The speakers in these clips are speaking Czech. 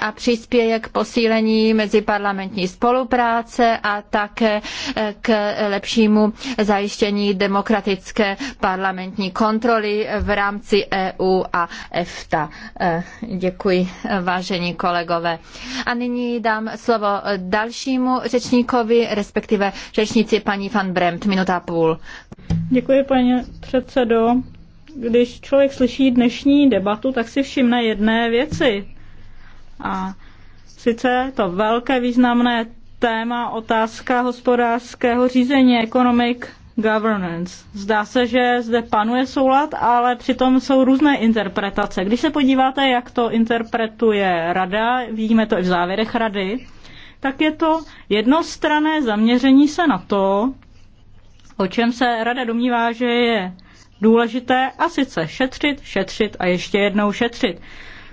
a přispěje k posílení meziparlamentní spolupráce a také eh, k lepšímu zajištění demokratické parlamentní kontroly v rámci EU a EFTA. Eh, děkuji, vážení kolegové. A nyní dám slovo dalšímu řečníkovi, respektive řečnici paní van Bremt, minuta půl. Děkuji, paní předsedo. Když člověk slyší dnešní debatu, tak si všimne jedné věci a sice to velké významné téma otázka hospodářského řízení, economic governance. Zdá se, že zde panuje soulad, ale přitom jsou různé interpretace. Když se podíváte, jak to interpretuje rada, vidíme to i v závěrech rady, tak je to jednostrané zaměření se na to, o čem se rada domnívá, že je důležité, a sice šetřit, šetřit a ještě jednou šetřit.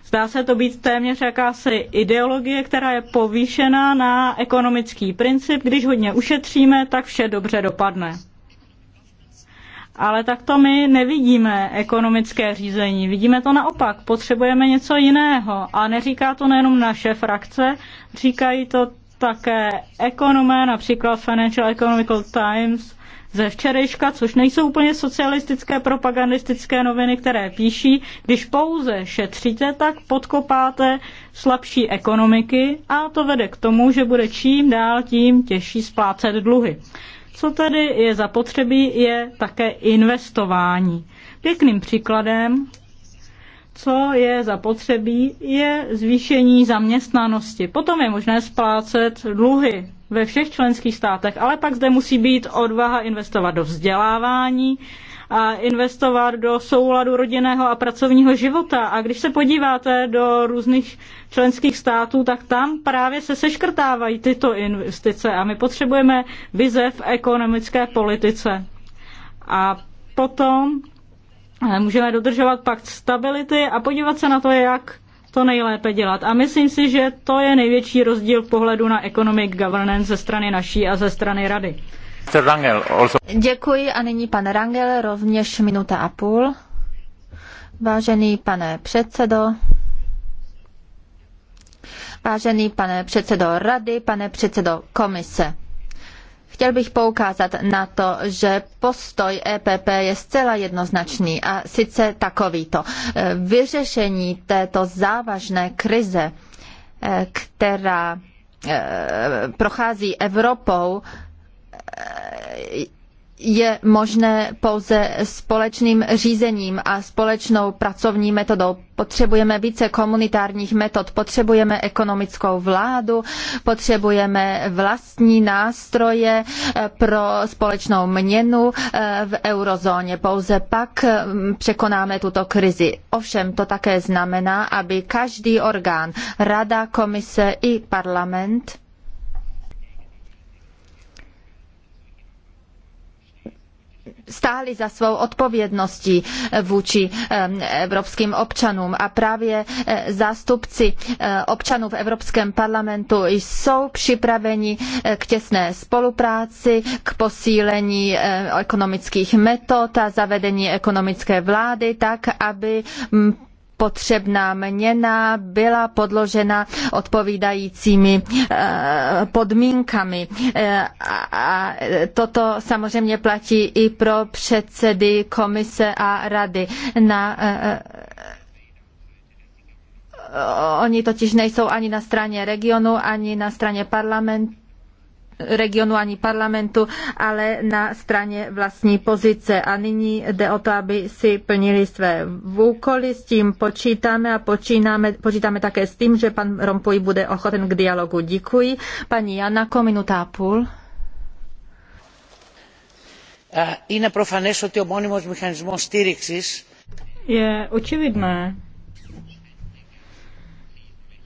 Zdá se to být téměř jakási ideologie, která je povýšená na ekonomický princip. Když hodně ušetříme, tak vše dobře dopadne. Ale takto my nevidíme ekonomické řízení. Vidíme to naopak. Potřebujeme něco jiného. A neříká to nejenom naše frakce, říkají to také ekonomé, například Financial Economical Times, ze včerejška, což nejsou úplně socialistické propagandistické noviny, které píší, když pouze šetříte, tak podkopáte slabší ekonomiky a to vede k tomu, že bude čím dál tím těžší splácet dluhy. Co tedy je zapotřebí, je také investování. Pěkným příkladem co je zapotřebí, je zvýšení zaměstnanosti. Potom je možné splácet dluhy ve všech členských státech, ale pak zde musí být odvaha investovat do vzdělávání a investovat do souladu rodinného a pracovního života. A když se podíváte do různých členských států, tak tam právě se seškrtávají tyto investice a my potřebujeme vize v ekonomické politice. A potom Eh, můžeme dodržovat pakt stability a podívat se na to, jak to nejlépe dělat. A myslím si, že to je největší rozdíl v pohledu na economic governance ze strany naší a ze strany rady. Děkuji a nyní pan Rangel, rovněž minuta a půl. Vážený pane předsedo, vážený pane předsedo rady, pane předsedo komise. Chtěl bych poukázat na to, že postoj EPP je zcela jednoznačný a sice takovýto. E, vyřešení této závažné krize, e, která e, prochází Evropou, je možné pouze společným řízením a společnou pracovní metodou. Potřebujeme více komunitárních metod, potřebujeme ekonomickou vládu, potřebujeme vlastní nástroje eh, pro společnou měnu eh, v eurozóně. Pouze pak hm, překonáme tuto krizi. Ovšem to také znamená, aby každý orgán, rada, komise i parlament, stáli za svou odpovědností eh, vůči eh, evropským občanům a právě eh, zástupci občanů v Evropském parlamentu jsou připraveni k těsné spolupráci, k posílení ekonomických metod a zavedení ekonomické vlády tak, aby potřebná měna byla podložena odpovídajícími eh, podmínkami. Eh, a toto samozřejmě platí i pro předsedy komise a rady. Na eh, Oni totiž nejsou ani na straně regionu, ani na straně parlamentu regionu ani parlamentu, ale na straně vlastní pozice. A nyní jde o to, aby si plnili své úkoly, s tím počítáme a počínáme, počítáme také s tím, že pan Rompuy bude ochoten k dialogu. Děkuji. Paní Janako, minuta a půl. Eh, je očividné,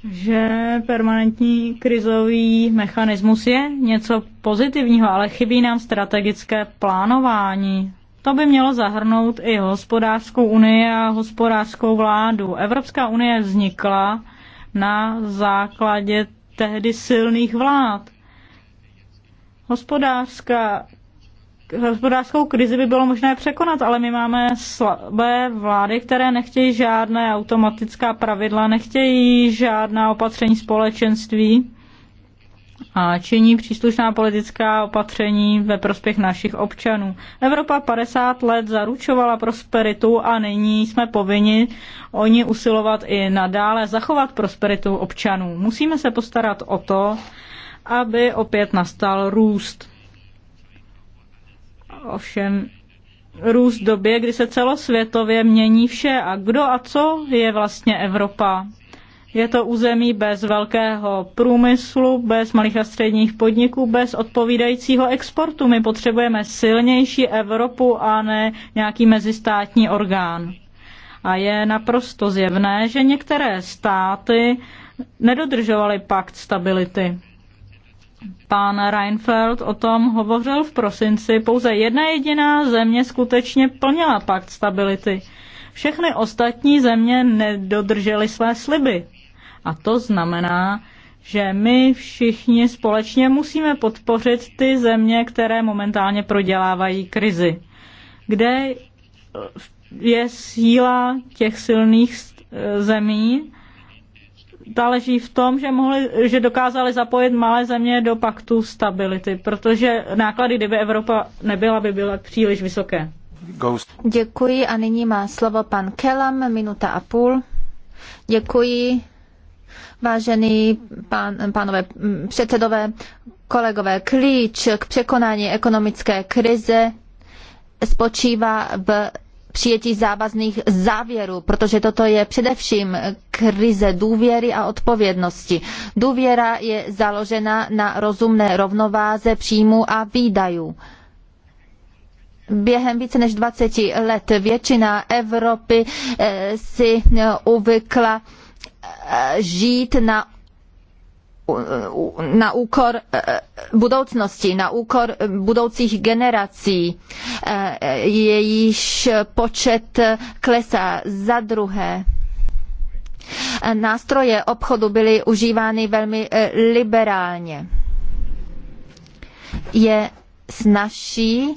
že permanentní krizový mechanismus je něco pozitivního, ale chybí nám strategické plánování. To by mělo zahrnout i hospodářskou unii a hospodářskou vládu. Evropská unie vznikla na základě tehdy silných vlád. Hospodářská hospodářskou krizi by bylo možné překonat, ale my máme slabé vlády, které nechtějí žádné automatická pravidla, nechtějí žádná opatření společenství a činí příslušná politická opatření ve prospěch našich občanů. Evropa 50 let zaručovala prosperitu a nyní jsme povinni o ní usilovat i nadále zachovat prosperitu občanů. Musíme se postarat o to, aby opět nastal růst ovšem růst době, kdy se celosvětově mění vše a kdo a co je vlastně Evropa. Je to území bez velkého průmyslu, bez malých a středních podniků, bez odpovídajícího exportu. My potřebujeme silnější Evropu a ne nějaký mezistátní orgán. A je naprosto zjevné, že některé státy nedodržovaly pakt stability. Pán Reinfeldt o tom hovořil v prosinci. Pouze jedna jediná země skutečně plnila pakt stability. Všechny ostatní země nedodržely své sliby. A to znamená, že my všichni společně musíme podpořit ty země, které momentálně prodělávají krizi. Kde je síla těch silných zemí záleží v tom, že, mohli, že dokázali zapojit malé země do paktu stability, protože náklady, kdyby Evropa nebyla, by byly příliš vysoké. Děkuji a nyní má slovo pan Kelam, minuta a půl. Děkuji. Vážený pán, pánové předsedové, kolegové, klíč k překonání ekonomické krize spočívá v přijetí závazných závěrů, protože toto je především krize důvěry a odpovědnosti. Důvěra je založena na rozumné rovnováze příjmů a výdajů. Během více než 20 let většina Evropy eh, si eh, uvykla eh, žít na E, na úkor e, e, budoucnosti, na úkor budoucích generací, jejíž počet klesá za druhé. Nástroje obchodu byly užívány velmi liberálně. Je snažší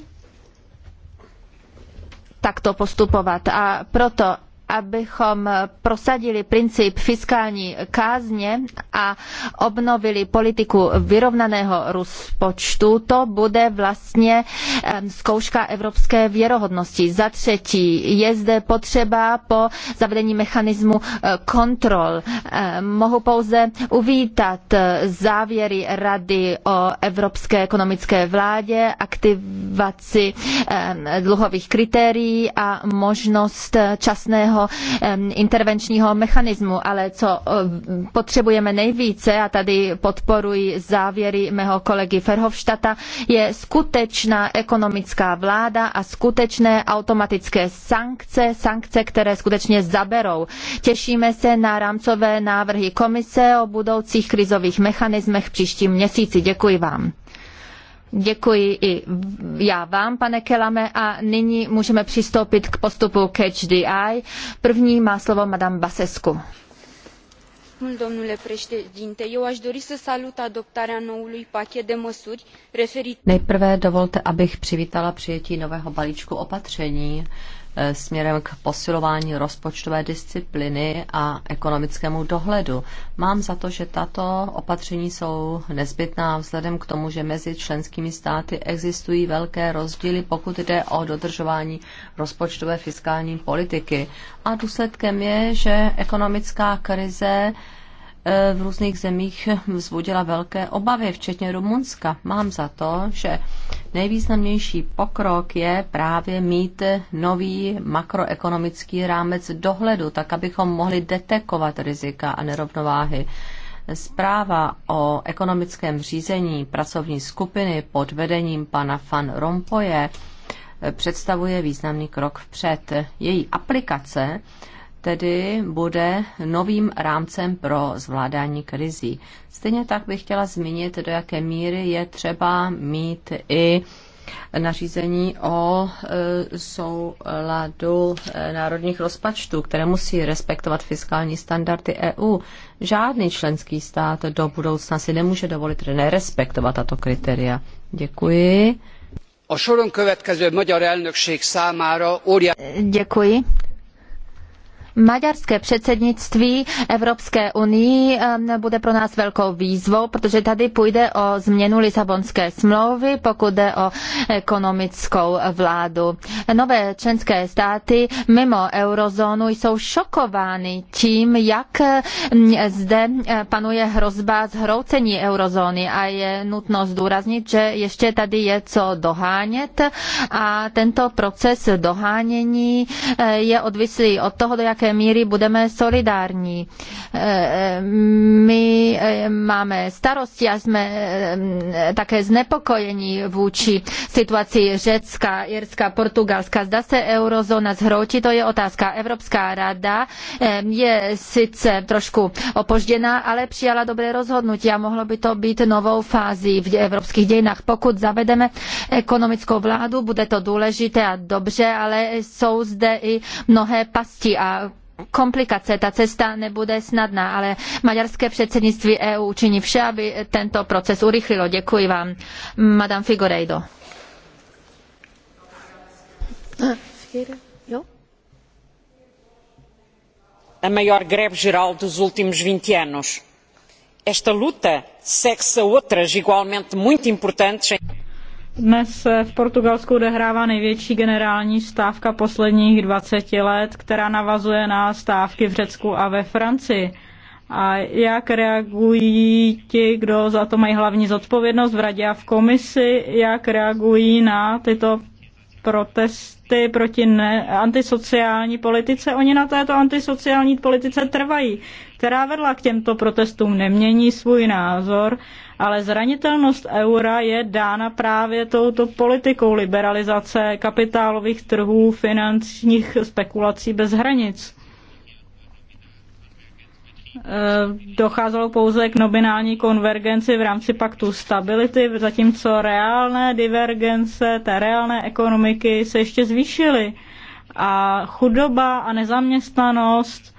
takto postupovat a proto abychom prosadili princip fiskální kázně a obnovili politiku vyrovnaného rozpočtu, to bude vlastně zkouška evropské věrohodnosti. Za třetí, je zde potřeba po zavedení mechanismu e, kontrol. E, mohu pouze uvítat e, závěry Rady o evropské ekonomické vládě, aktivaci dluhových kritérií a možnost časného Eh, intervenčního mechanismu, ale co eh, potřebujeme nejvíce, a tady podporuji závěry mého kolegy Ferhovštata, je skutečná ekonomická vláda a skutečné automatické sankce, sankce, které skutečně zaberou. Těšíme se na rámcové návrhy komise o budoucích krizových mechanismech příštím měsíci. Děkuji vám. Děkuji i já vám, pane Kelame, a nyní můžeme přistoupit k postupu Catch the Eye. První má slovo madame Basescu. Eu aș dori să salut adoptarea noului pachet de măsuri referit... Nejprve dovolte, abych přivítala přijetí nového balíčku opatření Eh, směrem k posilování rozpočtové disciplíny a ekonomickému dohledu. Mám za to, že tato opatření jsou nezbytná vzhledem k tomu, že mezi členskými státy existují velké rozdíly, pokud jde o dodržování rozpočtové fiskální politiky. A důsledkem je, že ekonomická krize Eh, v různých zemích vzbudila velké obavy, včetně Rumunska. Mám za to, že nejvýznamnější pokrok je právě mít nový makroekonomický rámec dohledu, tak abychom mohli detekovat rizika a nerovnováhy. Zpráva o ekonomickém řízení pracovní skupiny pod vedením pana Van Rompoje eh, představuje významný krok vpřed. Její aplikace tedy bude novým rámcem pro zvládání krizí. Stejně tak bych chtěla zmínit, do jaké míry je třeba mít i nařízení o e, souladu e, národních rozpočtů, které musí respektovat fiskální standardy EU. Žádný členský stát do budoucna si nemůže dovolit nerespektovat tato kritéria. Děkuji. A soron következő magyar elnökség számára óriá... Děkuji. Maďarské předsednictví Evropské unii bude pro nás velkou výzvou, protože tady půjde o změnu Lisabonské smlouvy, pokud jde o ekonomickou vládu. Nové členské státy mimo eurozónu jsou šokovány tím, jak zde panuje hrozba zhroucení eurozóny a je nutno zdůraznit, že ještě tady je co dohánět a tento proces dohánění eh, je odvislý od toho, do jaké jaké míry budeme solidární. Eh, eh, my eh, máme starosti a jsme také znepokojení vůči situaci Řecka, Jirska, Portugalska. Zda se eurozóna zhroutí, to je otázka. Evropská rada je sice trošku opožděná, ale přijala dobré rozhodnutí a mohlo by to být novou fází v evropských dějinách. Pokud zavedeme ekonomickou vládu, bude to důležité a dobře, ale jsou zde i mnohé pasti a komplikace, ta cesta nebude snadná, ale maďarské předsednictví EU učiní vše, aby tento proces urychlilo. Děkuji vám. Madame Figueiredo. A maior greve geral dos últimos 20 anos. Esta luta segue-se a outras igualmente muito importantes. Em... Dnes se v Portugalsku odehrává největší generální stávka posledních 20 let, která navazuje na stávky v Řecku a ve Francii. A jak reagují ti, kdo za to mají hlavní zodpovědnost v radě a v komisi, jak reagují na tyto protesty proti ne- antisociální politice. Oni na této antisociální politice trvají, která vedla k těmto protestům, nemění svůj názor ale zranitelnost eura je dána právě touto politikou liberalizace kapitálových trhů, finančních spekulací bez hranic eh, docházelo pouze k nominální konvergenci v rámci paktu stability, zatímco reálné divergence té reálné ekonomiky se ještě zvýšily. A chudoba a nezaměstnanost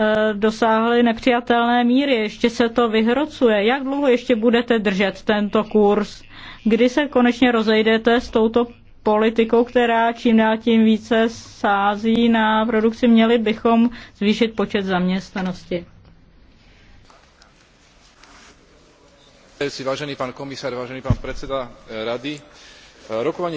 Eh, dosáhly nepřijatelné míry. Ještě se to vyhrocuje. Jak dlouho ještě budete držet tento kurz? Kdy se konečně rozejdete s touto politikou, která čím dál tím více sází na produkci, měli bychom zvýšit počet zaměstnanosti. Vážený pan komisár, vážený pan predseda eh, rady,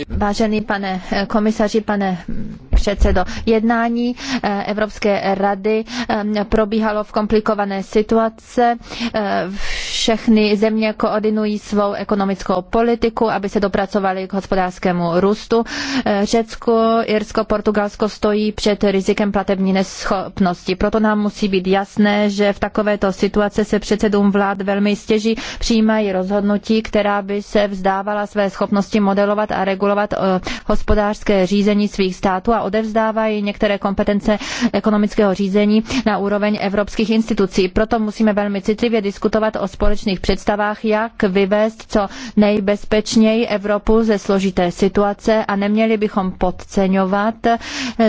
Vážený pane eh, komisaři, pane mm, předsedo, jednání eh, Evropské rady mm, probíhalo v komplikované situace. Eh, všechny země koordinují svou ekonomickou politiku, aby se dopracovali k hospodářskému růstu. Řecko, Irsko, Portugalsko stojí před rizikem platební neschopnosti. Proto nám musí být jasné, že v takovéto situaci se předsedům vlád velmi stěží přijímají rozhodnutí, která by se vzdávala své schopnosti modelovat kontrolovat a regulovat eh, hospodářské řízení svých států a odevzdávají některé kompetence ekonomického řízení na úroveň evropských institucí. Proto musíme velmi citlivě diskutovat o společných představách, jak vyvést co nejbezpečněji Evropu ze složité situace a neměli bychom podceňovat eh,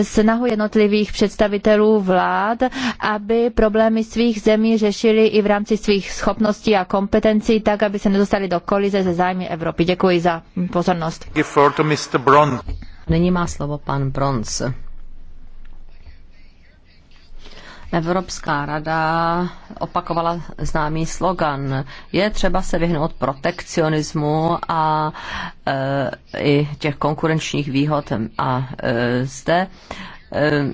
snahu jednotlivých představitelů vlád, aby problémy svých zemí řešili i v rámci svých schopností a kompetencí, tak aby se nedostali do kolize ze zájmy Evropy. Děkuji za pozornost. Nyní má slovo pan Bronz. Evropská rada opakovala známý slogan. Je třeba se vyhnout protekcionismu a e, i těch konkurenčních výhod. A e, zde e,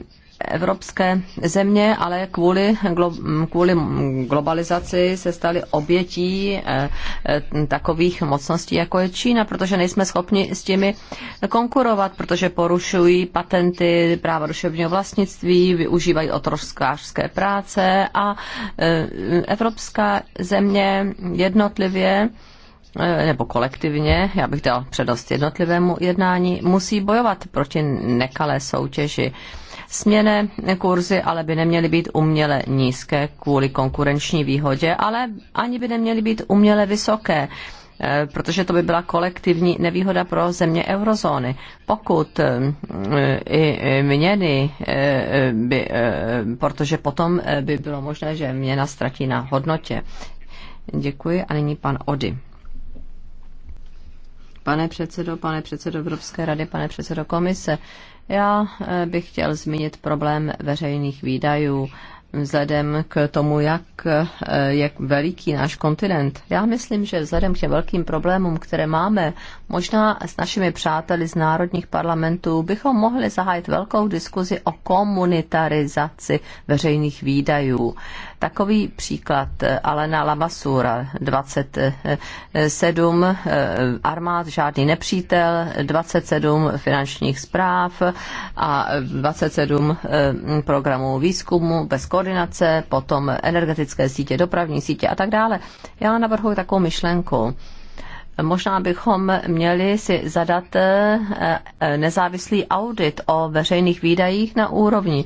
evropské země, ale kvůli, glo, kvůli globalizaci se staly obětí eh, takových mocností, jako je Čína, protože nejsme schopni s těmi konkurovat, protože porušují patenty, práva duševního vlastnictví, využívají otrovskářské práce a eh, evropská země jednotlivě eh, nebo kolektivně, já bych dal přednost jednotlivému jednání, musí bojovat proti nekalé soutěži. Směné kurzy ale by neměly být uměle nízké kvůli konkurenční výhodě, ale ani by neměly být uměle vysoké eh, protože to by byla kolektivní nevýhoda pro země eurozóny. Pokud eh, i měny, eh, by, protože potom by bylo možné, že měna ztratí na hodnotě. Děkuji a nyní pan Ody. Pane předsedo, pane předsedo Evropské rady, pane předsedo komise, já eh, bych chtěl zmínit problém veřejných výdajů vzhledem k tomu, jak eh, je veliký náš kontinent. Já myslím, že vzhledem k těm velkým problémům, které máme, možná s našimi přáteli z národních parlamentů bychom mohli zahájit velkou diskuzi o komunitarizaci veřejných výdajů. Takový příklad eh, Alena Lamasura, 27 eh, armád, žádný nepřítel, 27 finančních zpráv a 27 programů výzkumu bez koordinace, potom energetické sítě, dopravní sítě a tak dále. Já navrhuji takovou myšlenku. Možná bychom měli si zadat eh, eh, nezávislý audit o veřejných výdajích na úrovni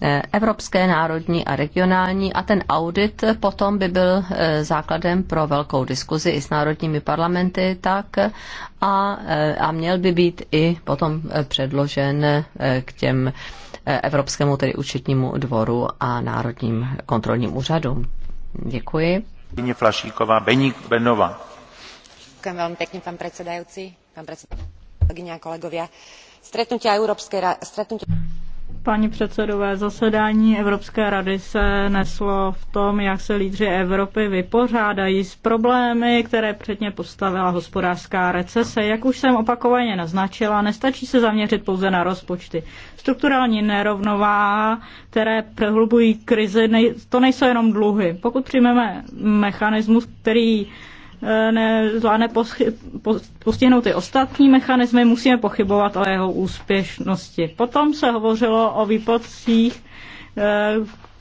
eh, evropské, národní a regionální a ten audit potom by byl základem pro velkou diskuzi i s národními parlamenty tak a, a měl by být i potom předložen k těm Evropskému tedy účetnímu dvoru a Národním kontrolním úřadům. Děkuji. Flašíková, Beník Benova. Ďakujem veľmi pěkně, pan předsedající, pan předsedající, kolegyně a kolegovia. Evropské rady. Stretnutí... Paní předsedové, zasedání Evropské rady se neslo v tom, jak se lídři Evropy vypořádají s problémy, které předně postavila hospodářská recese. Jak už jsem opakovaně naznačila, nestačí se zaměřit pouze na rozpočty. Strukturální nerovnováha, které prohlubují krizi, to nejsou jenom dluhy. Pokud přijmeme mechanismus, který nezvládne postihnout ty ostatní mechanismy, musíme pochybovat o jeho úspěšnosti. Potom se hovořilo o výpadcích, eh,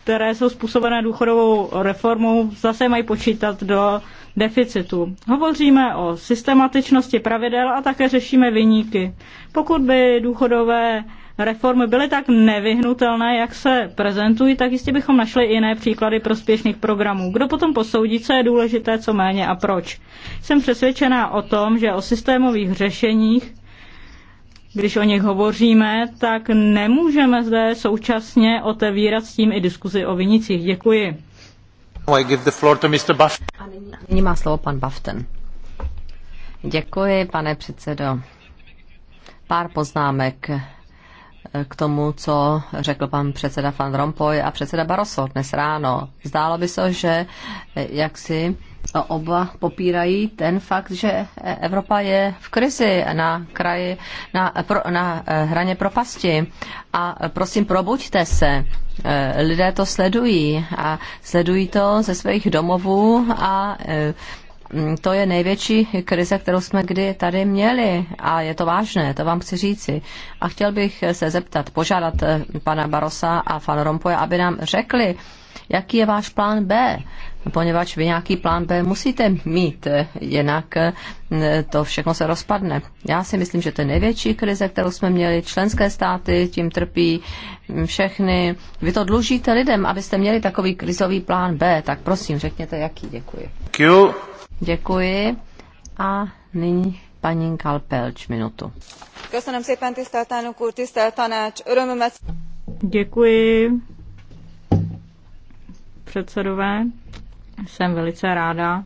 které jsou způsobené důchodovou reformou, zase mají počítat do deficitu. Hovoříme o systematičnosti pravidel a také řešíme vyníky. Pokud by důchodové reformy byly tak nevyhnutelné, jak se prezentují, tak jistě bychom našli jiné příklady prospěšných programů. Kdo potom posoudí, co je důležité, co méně a proč? Jsem přesvědčená o tom, že o systémových řešeních když o nich hovoříme, tak nemůžeme zde současně otevírat s tím i diskuzi o vinicích. Děkuji. I give the floor to Mr. Buff. A nyní, má slovo pan Baften. Děkuji, pane předsedo. Pár poznámek k tomu, co řekl pan předseda Van Rompuy a předseda Barroso dnes ráno. Zdálo by se, že eh, jaksi eh, oba popírají ten fakt, že eh, Evropa je v krizi na kraji, na, na hraně propasti. A prosím, probuďte se. Lidé to sledují a sledují to ze svých domovů a Mm, to je největší krize, kterou jsme kdy tady měli a je to vážné, to vám chci říci. A chtěl bych se zeptat, požádat eh, pana Barosa a fan Rompoje, aby nám řekli, Jaký je váš plán B? Poněvadž vy nějaký plán B musíte mít, jinak eh, to všechno se rozpadne. Já si myslím, že to je největší krize, kterou jsme měli. Členské státy tím trpí mm, všechny. Vy to dlužíte lidem, abyste měli takový krizový plán B. Tak prosím, řekněte, jaký. Děkuji. Děkuji. Děkuji. A nyní paní Kalpelč minutu. Děkuji předsedové. Jsem velice ráda,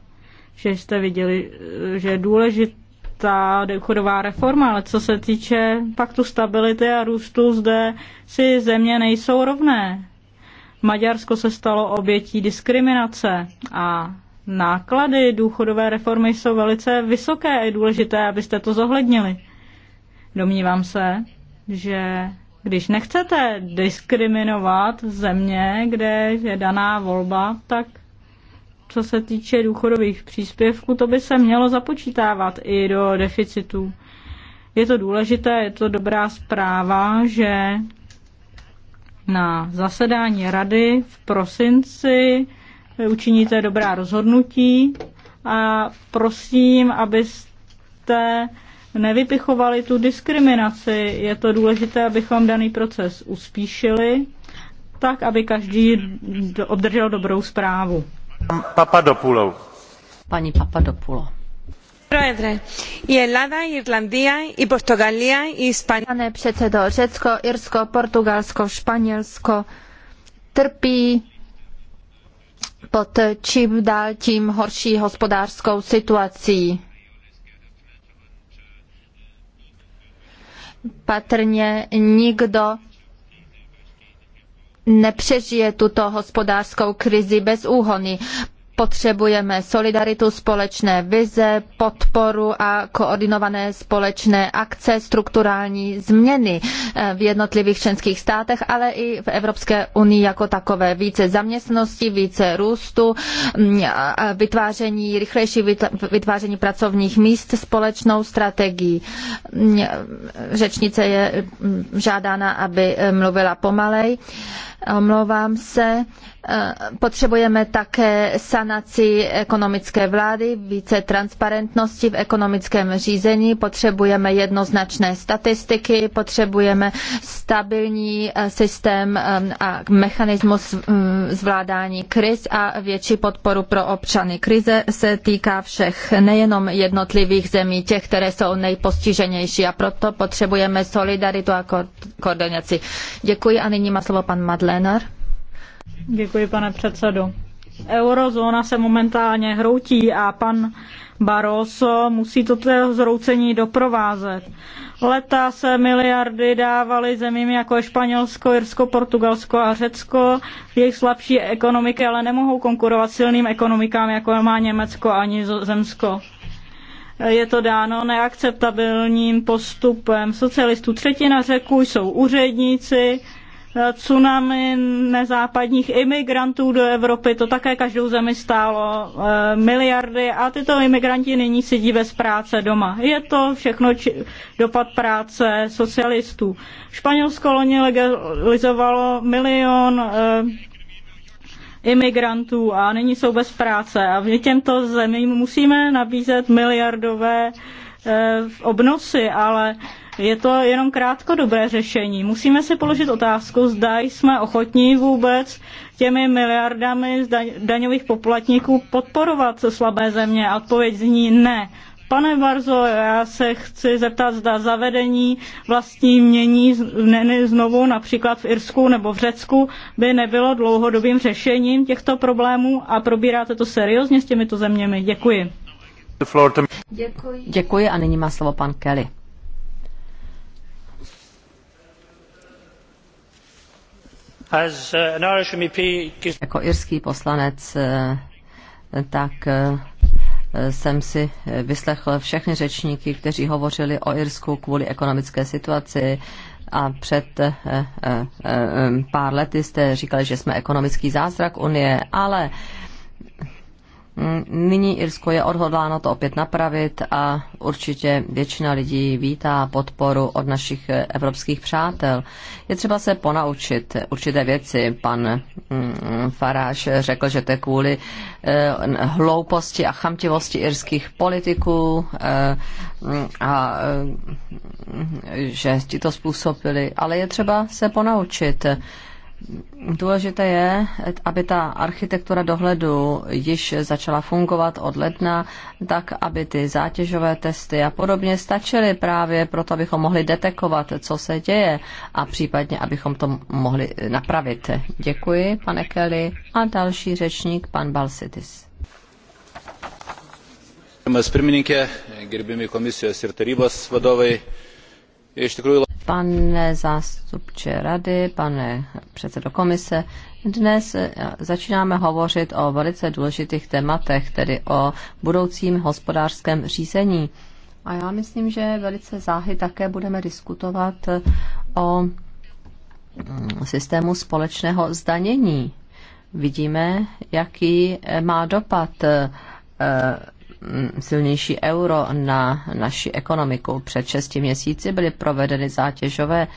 že jste viděli, že je důležitá důchodová reforma, ale co se týče paktu stability a růstu, zde si země nejsou rovné. Maďarsko se stalo obětí diskriminace a náklady důchodové reformy jsou velice vysoké a je důležité, abyste to zohlednili. Domnívám se, že když nechcete diskriminovat země, kde je daná volba, tak co se týče důchodových příspěvků, to by se mělo započítávat i do deficitu. Je to důležité, je to dobrá zpráva, že na zasedání rady v prosinci učiníte dobrá rozhodnutí a prosím, abyste nevypichovali tu diskriminaci. Je to důležité, abychom daný proces uspíšili, tak, aby každý obdržel dobrou zprávu. Papadopoulou. Paní Papadopoulou. Pane předsedo, Řecko, Irsko, Portugalsko, Španělsko trpí pod čím dál tím horší hospodářskou situací patrně nikdo nepřežije tuto hospodářskou krizi bez úhony. Potřebujeme solidaritu, společné vize, podporu a koordinované společné akce, strukturální změny eh, v jednotlivých členských státech, ale i v Evropské unii jako takové. Více zaměstnosti, více růstu, mm, vytváření, rychlejší vytváření pracovních míst společnou strategií. Mm, řečnice je mm, žádána, aby eh, mluvila pomalej. Omlouvám se. Eh, potřebujeme také sanaci ekonomické vlády, více transparentnosti v ekonomickém řízení, potřebujeme jednoznačné statistiky, potřebujeme stabilní eh, systém eh, a mechanismus mm, zvládání kriz a větší podporu pro občany. Krize se týká všech, nejenom jednotlivých zemí, těch, které jsou nejpostiženější a proto potřebujeme solidaritu a koordinaci. Děkuji a nyní má slovo pan Madl. Lennar. Děkuji, pane předsedo. Eurozóna se momentálně hroutí a pan Barroso musí toto zroucení doprovázet. Leta se miliardy dávaly zemím jako je Španělsko, Irsko, Portugalsko a Řecko. Jejich slabší ekonomiky ale nemohou konkurovat silným ekonomikám, jako má Německo ani Zemsko. Je to dáno neakceptabilním postupem socialistů. Třetina řeků jsou úředníci, tsunami nezápadních imigrantů do Evropy, to také každou zemi stálo eh, miliardy a tyto imigranti nyní sedí bez práce doma. Je to všechno či, dopad práce socialistů. Španělsko loni legalizovalo milion eh, imigrantů a nyní jsou bez práce a v těmto zemím musíme nabízet miliardové eh, obnosy, ale je to jenom krátkodobé řešení. Musíme si položit otázku, zda jsme ochotní vůbec těmi miliardami daňových poplatníků podporovat slabé země. A odpověď zní ne. Pane Barzo, já se chci zeptat, zda zavedení vlastní mění znovu například v Irsku nebo v Řecku by nebylo dlouhodobým řešením těchto problémů a probíráte to seriózně s těmito zeměmi. Děkuji. Děkuji. Děkuji a nyní má slovo pan Kelly. Uh, jako irský poslanec, eh, tak eh, jsem si eh, vyslechl všechny řečníky, kteří hovořili o Irsku kvůli ekonomické situaci, a před pár lety jste říkali, že jsme ekonomický zázrak Unie, ale Nyní Irsko je odhodláno to opět napravit a určitě většina lidí vítá podporu od našich eh, evropských přátel. Je třeba se ponaučit určité věci. Pan mm, Faráš řekl, že to je kvůli eh, hlouposti a chamtivosti irských politiků eh, mm, a že ti to způsobili. Ale je třeba se ponaučit. Důležité je, aby ta architektura dohledu již začala fungovat od ledna, tak aby ty zátěžové testy a podobně stačily právě proto, abychom mohli detekovat, co se děje a případně, abychom to mohli napravit. Děkuji, pane Kelly. A další řečník, pan Balsitis. Gerbiami komisijos ir tarybos vadovai, Pane zástupče rady, pane předsedo komise, dnes eh, začínáme hovořit o velice důležitých tématech, tedy o budoucím hospodářském řízení. A já myslím, že velice záhy také budeme diskutovat eh, o mm, systému společného zdanění. Vidíme, jaký eh, má dopad Mm, silnější euro na naši ekonomiku. Před šesti měsíci byly provedeny zátěžové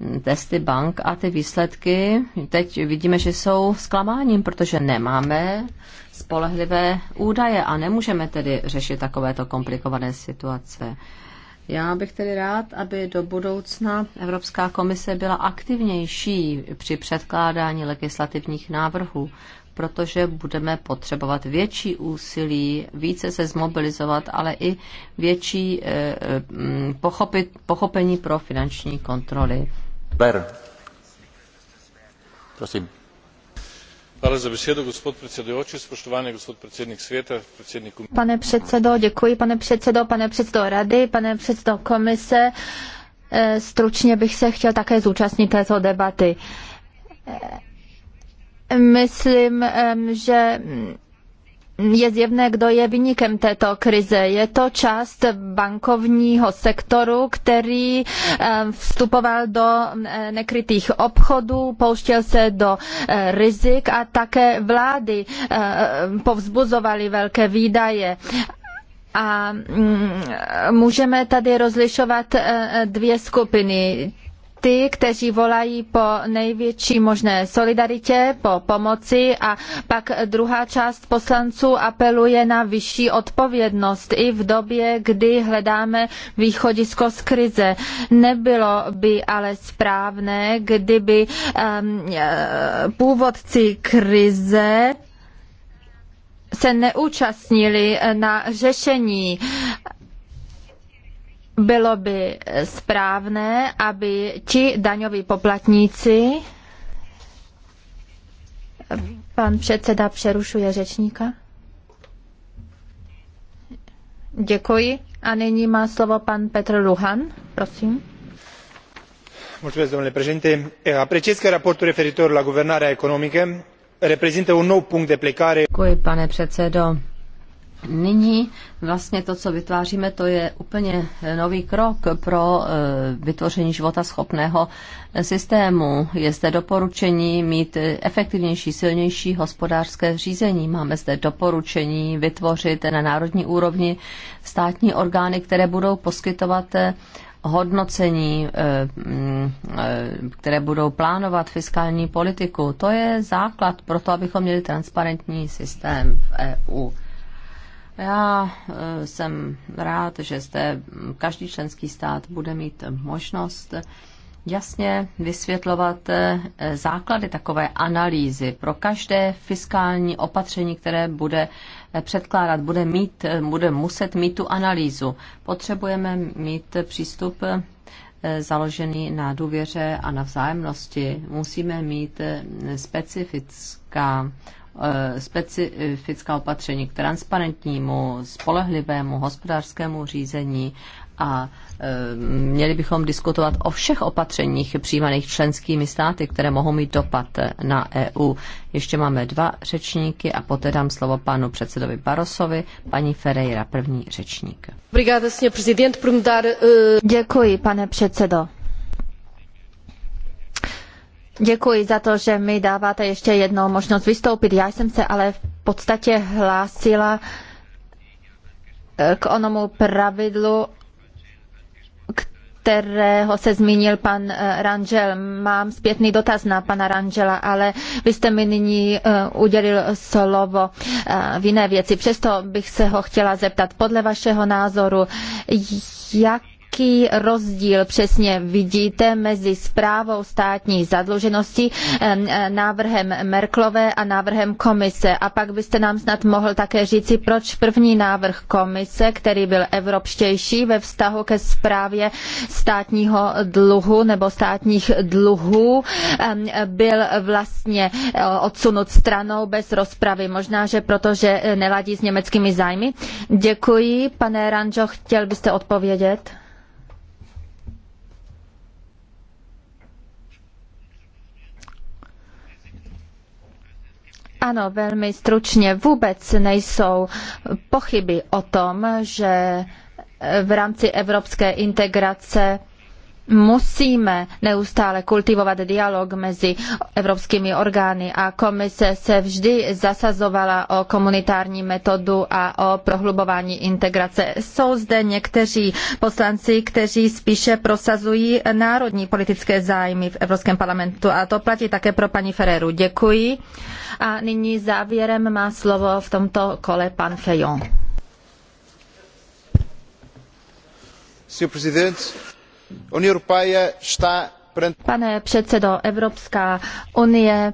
mm, testy bank a ty výsledky teď vidíme, že jsou zklamáním, protože nemáme spolehlivé údaje a nemůžeme tedy řešit takovéto komplikované situace. Já bych tedy rád, aby do budoucna Evropská komise byla aktivnější při předkládání legislativních návrhů, protože budeme potřebovat větší úsilí, více se zmobilizovat, ale i větší eh, eh, pochopit, pochopení pro finanční kontroly. Ber. Prosím. Hvala za besedo, gospod predsedujoči, spoštovani gospod predsednik predsednik Pane předsedo, děkuji, pane předsedo, pane předsedo rady, pane předsedo komise. Eh, stručně bych se chtěl také zúčastnit této debaty myslím, že je zjevné, kdo je vynikem této krize. Je to část bankovního sektoru, který vstupoval do nekrytých obchodů, pouštěl se do e, rizik a také vlády e, povzbuzovaly velké výdaje. A mm, můžeme tady rozlišovat e, dvě skupiny ty, kteří volají po největší možné solidaritě, po pomoci a pak druhá část poslanců apeluje na vyšší odpovědnost i v době, kdy hledáme východisko z krize. Nebylo by ale správné, kdyby um, původci krize se neúčastnili e, na řešení bylo by správné, aby ti daňoví poplatníci. Pan předseda přerušuje řečníka. Děkuji. A nyní má slovo pan Petr Luhan. Prosím. Mulțumesc, domnule președinte. Apreciez că raportul referitor la guvernarea economică reprezintă un nou punct de plecare. Děkuji, pane předsedo nyní vlastně to, co vytváříme, to je úplně nový krok pro eh, vytvoření života schopného eh, systému. Je zde doporučení mít eh, efektivnější, silnější hospodářské řízení. Máme zde doporučení vytvořit na národní úrovni státní orgány, které budou poskytovat hodnocení, mm, které budou plánovat fiskální politiku. To je základ pro to, abychom měli transparentní systém v EU. Já eh, jsem rád, že zde každý členský stát bude mít možnost jasně vysvětlovat eh, základy takové analýzy pro každé fiskální opatření, které bude eh, předkládat, bude, mít, bude muset mít tu analýzu. Potřebujeme mít přístup založený na důvěře a na vzájemnosti. Musíme mít specifická Eh, specifická opatření k transparentnímu, spolehlivému hospodářskému řízení a eh, měli bychom diskutovat o všech opatřeních přijímaných členskými státy, které mohou mít dopad na EU. Ještě máme dva řečníky a poté dám slovo panu předsedovi Barosovi, paní Ferreira, první řečník. Eh, Děkuji, pane předsedo. Děkuji za to, že mi dáváte ještě jednou možnost vystoupit. Já jsem se ale v podstatě hlásila eh, k onomu pravidlu, kterého se zmínil pan eh, Rangel. Mám zpětný dotaz na pana Rangela, ale vy jste mi nyní eh, udělil slovo v jiné věci. Přesto bych se ho chtěla zeptat. Podle vašeho názoru, jak jaký rozdíl přesně vidíte mezi zprávou státní zadluženosti, e, návrhem Merklové a návrhem komise. A pak byste nám snad mohl také říci, proč první návrh komise, který byl evropštější ve vztahu ke zprávě státního dluhu nebo státních dluhů, byl vlastně e, odsunut stranou bez rozpravy. Možná, že protože e, neladí s německými zájmy. Děkuji. Pane Ranžo, chtěl byste odpovědět? Ano, velmi stručně. Vůbec nejsou pochyby o tom, že v rámci evropské integrace musíme neustále kultivovat dialog mezi evropskými orgány a komise se vždy zasazovala o komunitární metodu a o prohlubování integrace. Jsou zde někteří poslanci, kteří spíše prosazují národní politické zájmy v Evropském parlamentu a to platí také pro paní Ferreru. Děkuji. A nyní závěrem má slovo v tomto kole pan Fejon. Pane předsedo, Evropská unie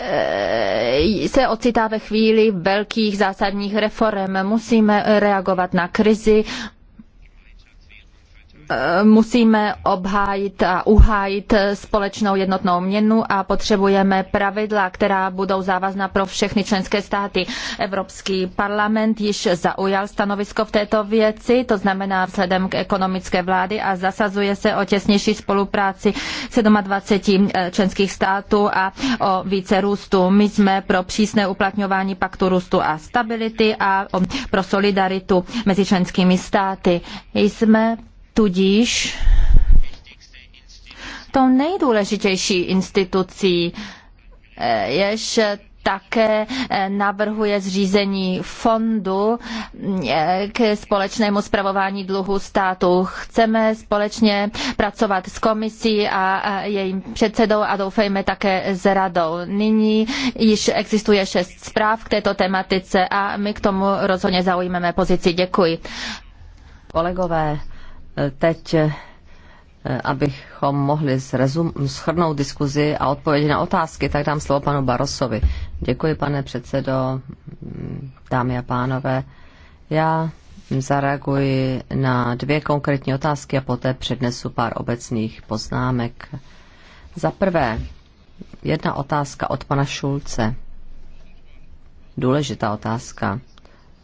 eh, se ocitá ve chvíli velkých zásadních reform. Musíme reagovat na krizi, Eh, musíme obhájit a uhájit společnou jednotnou měnu a potřebujeme pravidla, která budou závazná pro všechny členské státy. Evropský parlament již zaujal stanovisko v této věci, to znamená vzhledem k ekonomické vlády a zasazuje se o těsnější spolupráci 27 eh, členských států a o více růstu. My jsme pro přísné uplatňování paktu růstu a stability a pro solidaritu mezi členskými státy. Jsme Tudíž tou nejdůležitější institucí, eh, jež také eh, navrhuje zřízení fondu mm, eh, k společnému zpravování dluhu státu. Chceme společně pracovat s komisí a jejím předsedou a doufejme také s radou. Nyní již existuje šest zpráv k této tematice a my k tomu rozhodně zaujmeme pozici. Děkuji. Kolegové, teď, eh, abychom mohli shrnout diskuzi a odpovědi na otázky, tak dám slovo panu Barosovi. Děkuji, pane předsedo, dámy a pánové. Já zareaguji na dvě konkrétní otázky a poté přednesu pár obecných poznámek. Za prvé, jedna otázka od pana Šulce. Důležitá otázka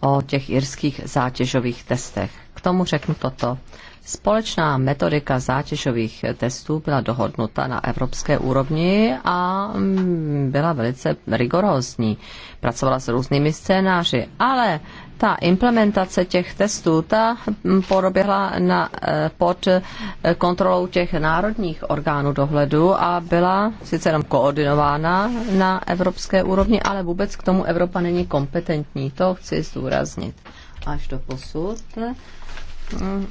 o těch irských zátěžových testech. K tomu řeknu toto. Společná metodika zátěžových testů byla dohodnuta na evropské úrovni a mm, byla velice rigorózní. Pracovala s různými scénáři, ale ta implementace těch testů, ta mm, poroběhla na, eh, pod eh, kontrolou těch národních orgánů dohledu a byla sice jenom koordinována na evropské úrovni, ale vůbec k tomu Evropa není kompetentní. To chci zdůraznit. Až do posud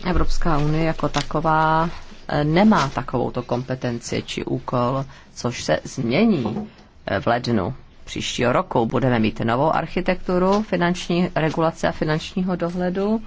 Evropská unie jako taková eh, nemá takovouto kompetenci či úkol, což se změní eh, v lednu příštího roku. Budeme mít novou architekturu finanční regulace a finančního dohledu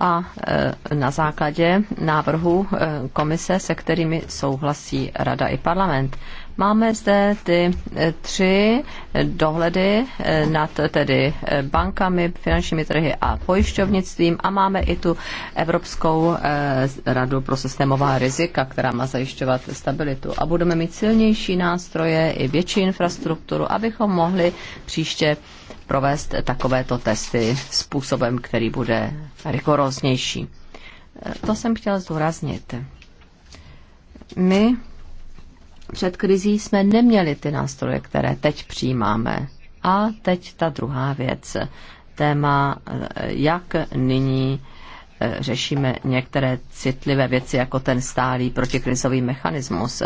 a eh, na základě návrhu komise, se kterými souhlasí Rada i parlament. Máme zde ty eh, tři eh, dohledy eh, nad tedy bankami, finančními trhy a pojišťovnictvím a máme i tu Evropskou radu pro systémová rizika, která má zajišťovat stabilitu. A budeme mít silnější nástroje i větší infrastrukturu, abychom mohli příště provést takovéto testy způsobem, který bude rigoroznější. To jsem chtěla zdůraznit. My před krizí jsme neměli ty nástroje, které teď přijímáme. A teď ta druhá věc. Téma, eh, jak nyní eh, řešíme některé citlivé věci, jako ten stálý protikrizový mechanismus.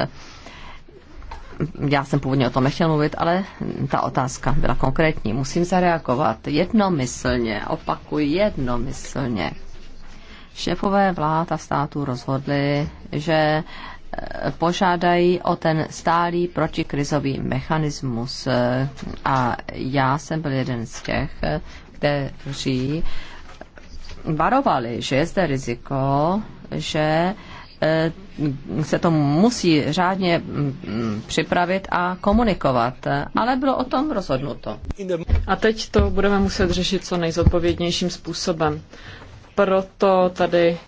Já jsem původně o tom nechtěl mluvit, ale ta otázka byla konkrétní. Musím zareagovat jednomyslně, opakuji jednomyslně. Šéfové vlád a států rozhodli, že požádají o ten stálý protikrizový mechanismus. A já jsem byl jeden z těch, kteří varovali, že je zde riziko, že e, se to musí řádně mm, připravit a komunikovat, ale bylo o tom rozhodnuto. A teď to budeme muset řešit co nejzodpovědnějším způsobem. Proto tady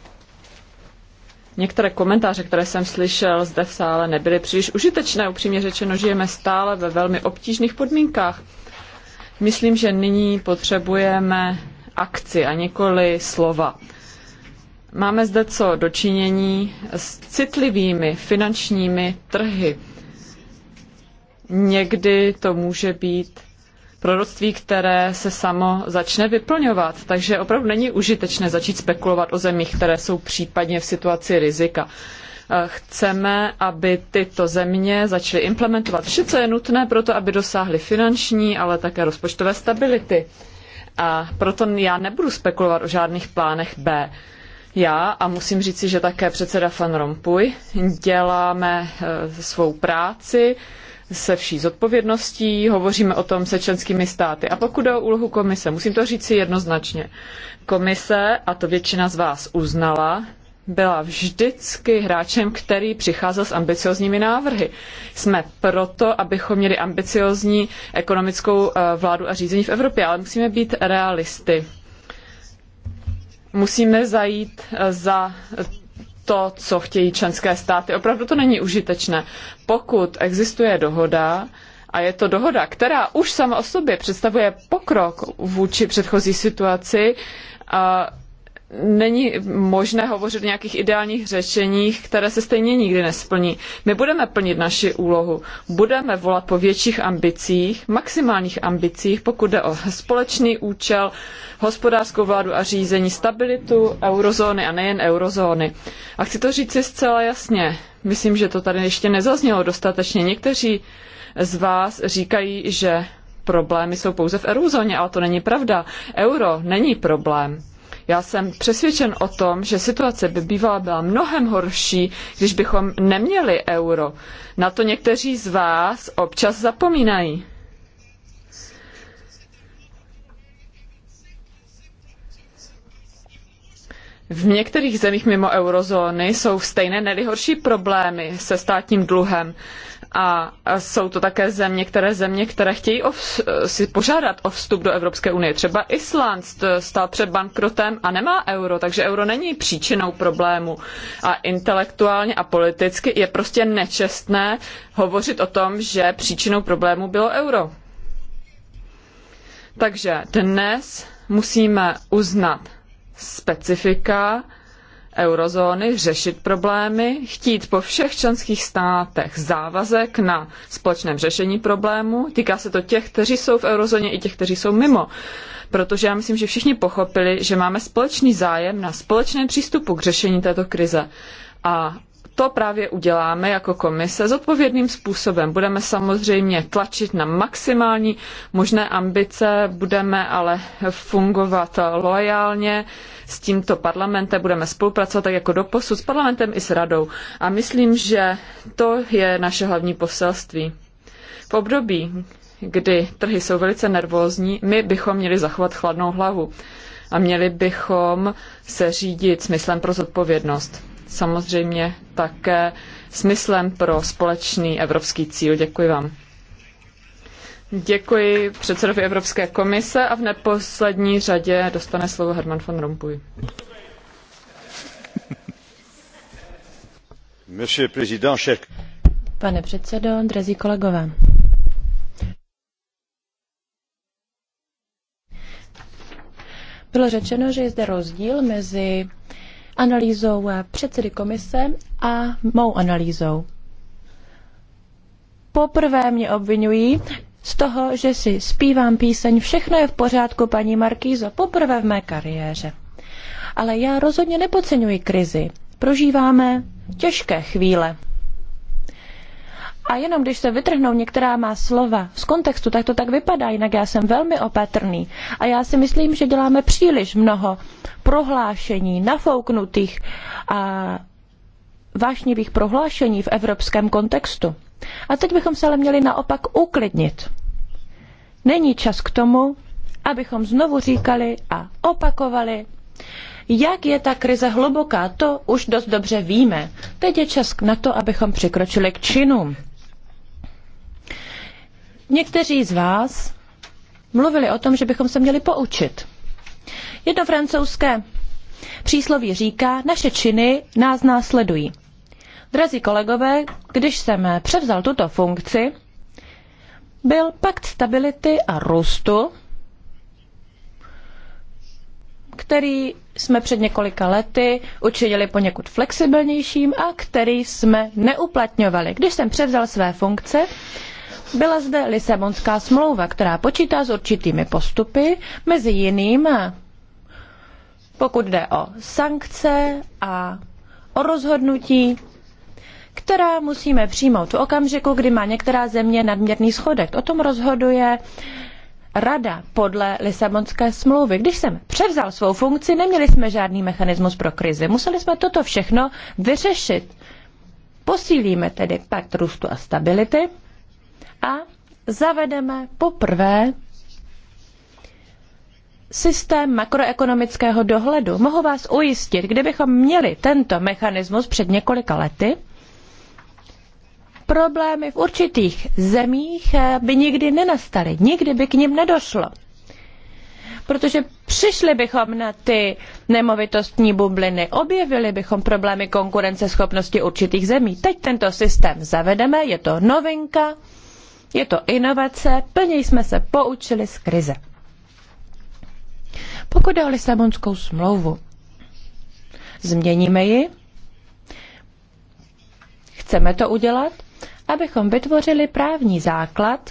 některé komentáře, které jsem slyšel zde v sále, nebyly příliš užitečné. Upřímně řečeno, žijeme stále ve velmi obtížných podmínkách. Myslím, že nyní potřebujeme akci a nikoli slova. Máme zde co dočinění s citlivými finančními trhy. Někdy to může být proroctví, které se samo začne vyplňovat. Takže opravdu není užitečné začít spekulovat o zemích, které jsou případně v situaci rizika. Eh, chceme, aby tyto země začaly implementovat vše, co je nutné pro to, aby dosáhly finanční, ale také rozpočtové stability. A proto já nebudu spekulovat o žádných plánech B. Já a musím říci, že také předseda Van Rompuy děláme eh, svou práci, se vší zodpovědností, hovoříme o tom se členskými státy. A pokud jde o úlohu komise, musím to říct si jednoznačně. Komise, a to většina z vás uznala, byla vždycky hráčem, který přicházel s ambiciózními návrhy. Jsme proto, abychom měli ambiciózní ekonomickou eh, vládu a řízení v Evropě, ale musíme být realisty musíme zajít eh, za to, co chtějí členské státy. Opravdu to není užitečné. Pokud existuje dohoda, a je to dohoda, která už sama o sobě představuje pokrok vůči předchozí situaci, a není možné hovořit o nějakých ideálních řešeních, které se stejně nikdy nesplní. My budeme plnit naši úlohu. Budeme volat po větších ambicích, maximálních ambicích, pokud jde o společný účel, hospodářskou vládu a řízení, stabilitu eurozóny a nejen eurozóny. A chci to říci zcela jasně. Myslím, že to tady ještě nezaznělo dostatečně. Někteří z vás říkají, že problémy jsou pouze v eurozóně, ale to není pravda. Euro není problém. Já jsem přesvědčen o tom, že situace by bývala byla mnohem horší, když bychom neměli euro. Na to někteří z vás občas zapomínají. V některých zemích mimo eurozóny jsou stejné, neli horší problémy se státním dluhem. A jsou to také země, které země, které chtějí si požádat o vstup do Evropské unie. Třeba Island stál před bankrotem a nemá euro, takže euro není příčinou problému. A intelektuálně a politicky je prostě nečestné hovořit o tom, že příčinou problému bylo euro. Takže dnes musíme uznat specifika eurozóny řešit problémy, chtít po všech členských státech závazek na společném řešení problému. Týká se to těch, kteří jsou v eurozóně i těch, kteří jsou mimo. Protože já myslím, že všichni pochopili, že máme společný zájem na společném přístupu k řešení této krize. A to právě uděláme jako komise zodpovědným způsobem. Budeme samozřejmě tlačit na maximální možné ambice, budeme ale fungovat loajálně s tímto parlamentem, budeme spolupracovat tak jako doposud s parlamentem i s radou. A myslím, že to je naše hlavní poselství. V období, kdy trhy jsou velice nervózní, my bychom měli zachovat chladnou hlavu a měli bychom se řídit smyslem pro zodpovědnost samozřejmě také smyslem pro společný evropský cíl. Děkuji vám. Děkuji předsedovi Evropské komise a v neposlední řadě dostane slovo Herman van Rompuy. Pane předsedo, drazí kolegové. Bylo řečeno, že je zde rozdíl mezi analýzou eh, předsedy komise a mou analýzou. Poprvé mě obvinují z toho, že si zpívám píseň Všechno je v pořádku, paní Markýzo, poprvé v mé kariéře. Ale já rozhodně nepodceňuji krizi. Prožíváme těžké chvíle. A jenom když se vytrhnou některá má slova z kontextu, tak to tak vypadá, jinak já jsem velmi opatrný. A já si myslím, že děláme příliš mnoho prohlášení, nafouknutých a vášnivých prohlášení v evropském kontextu. A teď bychom se ale měli naopak uklidnit. Není čas k tomu, abychom znovu říkali a opakovali, jak je ta krize hluboká, to už dost dobře víme. Teď je čas na to, abychom přikročili k činům. Někteří z vás mluvili o tom, že bychom se měli poučit. Jedno francouzské přísloví říká, naše činy nás následují. Drazí kolegové, když jsem převzal tuto funkci, byl pakt stability a růstu, který jsme před několika lety učinili poněkud flexibilnějším a který jsme neuplatňovali. Když jsem převzal své funkce, byla zde Lisabonská smlouva, která počítá s určitými postupy, mezi jiným pokud jde o sankce a o rozhodnutí, která musíme přijmout v okamžiku, kdy má některá země nadměrný schodek. O tom rozhoduje Rada podle Lisabonské smlouvy. Když jsem převzal svou funkci, neměli jsme žádný mechanismus pro krizi. Museli jsme toto všechno vyřešit. Posílíme tedy pakt růstu a stability a zavedeme poprvé systém makroekonomického dohledu. Mohu vás ujistit, kdybychom měli tento mechanismus před několika lety, problémy v určitých zemích eh, by nikdy nenastaly, nikdy by k ním nedošlo. Protože přišli bychom na ty nemovitostní bubliny, objevili bychom problémy konkurenceschopnosti určitých zemí. Teď tento systém zavedeme, je to novinka, je to inovace, plně jsme se poučili z krize. Pokud jde o Lisabonskou smlouvu, změníme ji, chceme to udělat, abychom vytvořili právní základ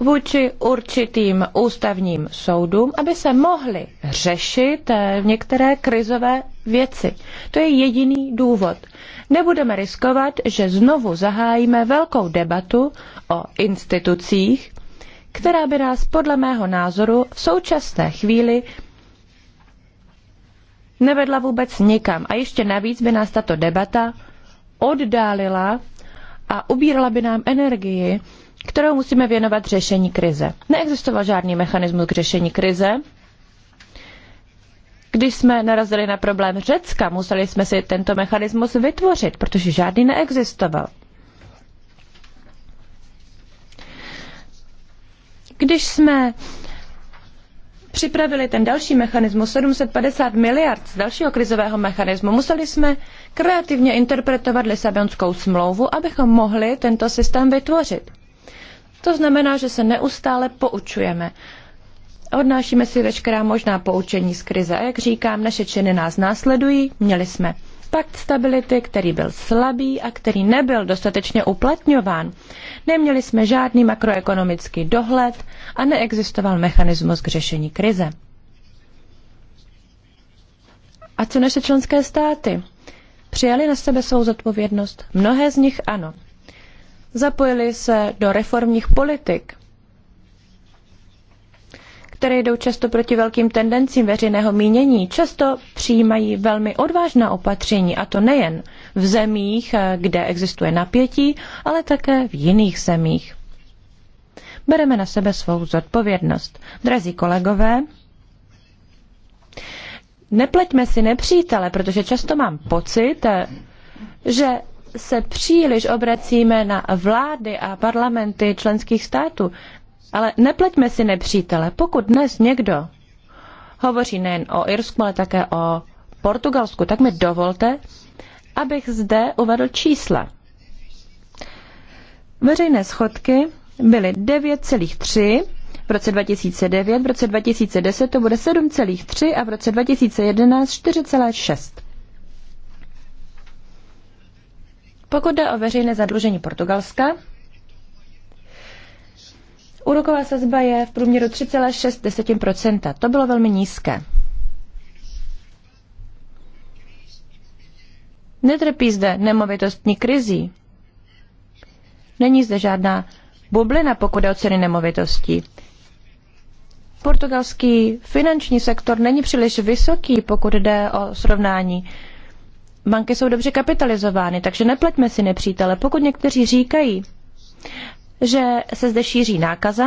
vůči určitým ústavním soudům, aby se mohly řešit eh, některé krizové věci. To je jediný důvod. Nebudeme riskovat, že znovu zahájíme velkou debatu o institucích, která by nás podle mého názoru v současné chvíli nevedla vůbec nikam. A ještě navíc by nás tato debata oddálila a ubírala by nám energii, kterou musíme věnovat řešení krize. Neexistoval žádný mechanismus k řešení krize, když jsme narazili na problém Řecka, museli jsme si tento mechanismus vytvořit, protože žádný neexistoval. Když jsme připravili ten další mechanismus, 750 miliard z dalšího krizového mechanismu, museli jsme kreativně interpretovat Lisabonskou smlouvu, abychom mohli tento systém vytvořit. To znamená, že se neustále poučujeme. Odnášíme si veškerá možná poučení z krize. A jak říkám, naše činy nás následují. Měli jsme pakt stability, který byl slabý a který nebyl dostatečně uplatňován. Neměli jsme žádný makroekonomický dohled a neexistoval mechanismus k řešení krize. A co naše členské státy? Přijali na sebe svou zodpovědnost? Mnohé z nich ano. Zapojili se do reformních politik, které jdou často proti velkým tendencím veřejného mínění, často přijímají velmi odvážná opatření, a to nejen v zemích, eh, kde existuje napětí, ale také v jiných zemích. Bereme na sebe svou zodpovědnost. Drazí kolegové, nepleťme si nepřítele, protože často mám pocit, eh, že se příliš obracíme na vlády a parlamenty členských států. Ale nepleťme si nepřítele. Pokud dnes někdo hovoří nejen o Irsku, ale také o Portugalsku, tak mi dovolte, abych zde uvedl čísla. Veřejné schodky byly 9,3 v roce 2009, v roce 2010 to bude 7,3 a v roce 2011 4,6. Pokud jde o veřejné zadlužení Portugalska, Úroková sazba je v průměru 3,6 To bylo velmi nízké. Netrpí zde nemovitostní krizí. Není zde žádná bublina, pokud je o ceny nemovitostí. Portugalský finanční sektor není příliš vysoký, pokud jde o srovnání. Banky jsou dobře kapitalizovány, takže nepleťme si nepřítele. Pokud někteří říkají, že se zde šíří nákaza.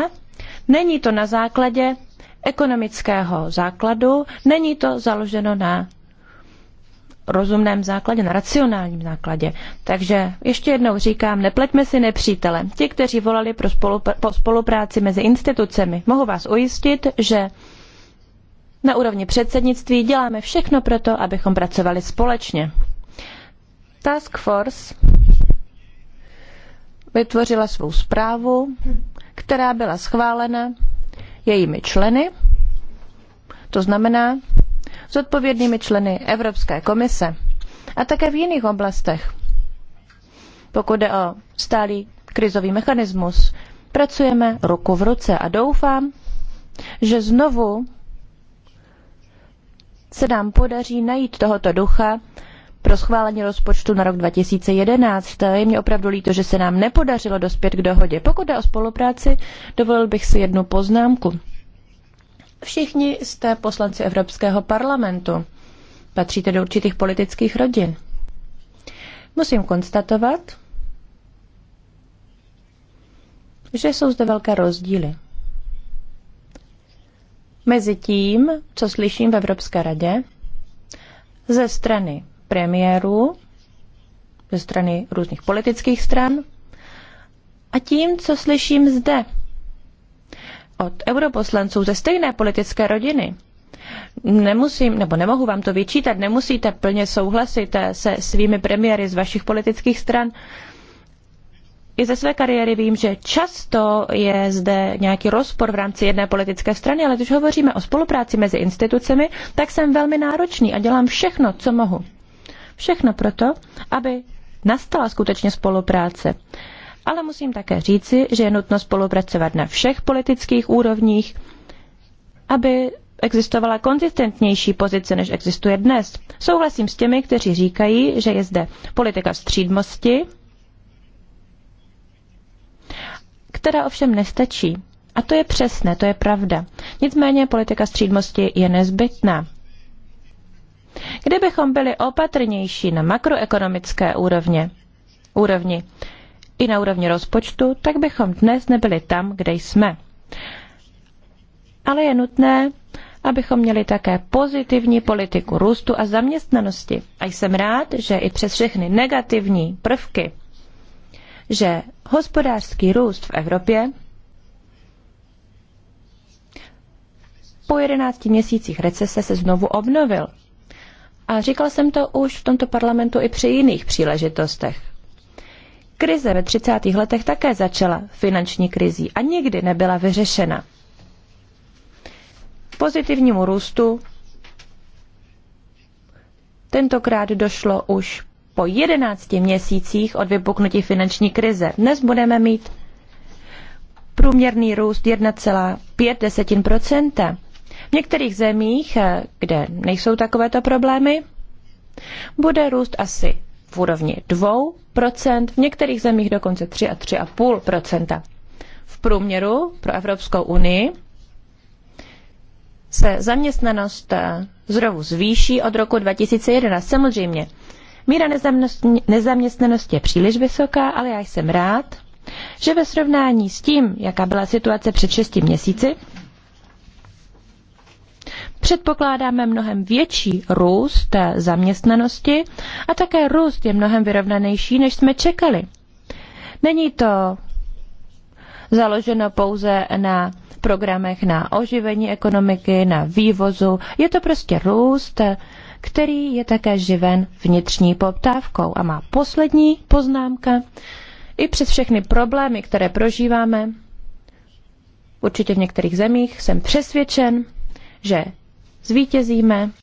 Není to na základě ekonomického základu, není to založeno na rozumném základě, na racionálním základě. Takže ještě jednou říkám, nepleťme si nepřítele. Ti, kteří volali pro spolupr- po spolupráci mezi institucemi, mohu vás ujistit, že na úrovni předsednictví děláme všechno pro to, abychom pracovali společně. Task Force vytvořila svou zprávu, která byla schválena jejími členy, to znamená s odpovědnými členy Evropské komise a také v jiných oblastech. Pokud jde o stálý krizový mechanismus, pracujeme ruku v ruce a doufám, že znovu se nám podaří najít tohoto ducha pro schválení rozpočtu na rok 2011. je mě opravdu líto, že se nám nepodařilo dospět k dohodě. Pokud jde o spolupráci, dovolil bych si jednu poznámku. Všichni jste poslanci Evropského parlamentu. Patříte do určitých politických rodin. Musím konstatovat, že jsou zde velké rozdíly. Mezi tím, co slyším v Evropské radě, ze strany premiérů ze strany různých politických stran a tím, co slyším zde od europoslanců ze stejné politické rodiny, nemusím, nebo nemohu vám to vyčítat, nemusíte plně souhlasit eh, se svými premiéry z vašich politických stran. I ze své kariéry vím, že často je zde nějaký rozpor v rámci jedné politické strany, ale když hovoříme o spolupráci mezi institucemi, tak jsem velmi náročný a dělám všechno, co mohu. Všechno proto, aby nastala skutečně spolupráce. Ale musím také říci, že je nutno spolupracovat na všech politických úrovních, aby existovala konzistentnější pozice, než existuje dnes. Souhlasím s těmi, kteří říkají, že je zde politika střídmosti, která ovšem nestačí. A to je přesné, to je pravda. Nicméně politika střídmosti je nezbytná. Kdybychom byli opatrnější na makroekonomické úrovně, úrovni i na úrovni rozpočtu, tak bychom dnes nebyli tam, kde jsme. Ale je nutné, abychom měli také pozitivní politiku růstu a zaměstnanosti. A jsem rád, že i přes všechny negativní prvky, že hospodářský růst v Evropě po 11 měsících recese se znovu obnovil. A říkal jsem to už v tomto parlamentu i při jiných příležitostech. Krize ve 30. letech také začala finanční krizí a nikdy nebyla vyřešena. K pozitivnímu růstu tentokrát došlo už po 11 měsících od vypuknutí finanční krize. Dnes budeme mít průměrný růst 1,5 v některých zemích, eh, kde nejsou takovéto problémy, bude růst asi v úrovni 2%, v některých zemích dokonce 3 a 3,5%. V průměru pro Evropskou unii se zaměstnanost eh, zrovu zvýší od roku 2011. Samozřejmě, míra nezaměstnanosti je příliš vysoká, ale já jsem rád, že ve srovnání s tím, jaká byla situace před 6 měsíci, Předpokládáme mnohem větší růst zaměstnanosti a také růst je mnohem vyrovnanější, než jsme čekali. Není to založeno pouze na programech na oživení ekonomiky, na vývozu. Je to prostě růst, který je také živen vnitřní poptávkou. A má poslední poznámka. I přes všechny problémy, které prožíváme, určitě v některých zemích, jsem přesvědčen, že zvítězíme.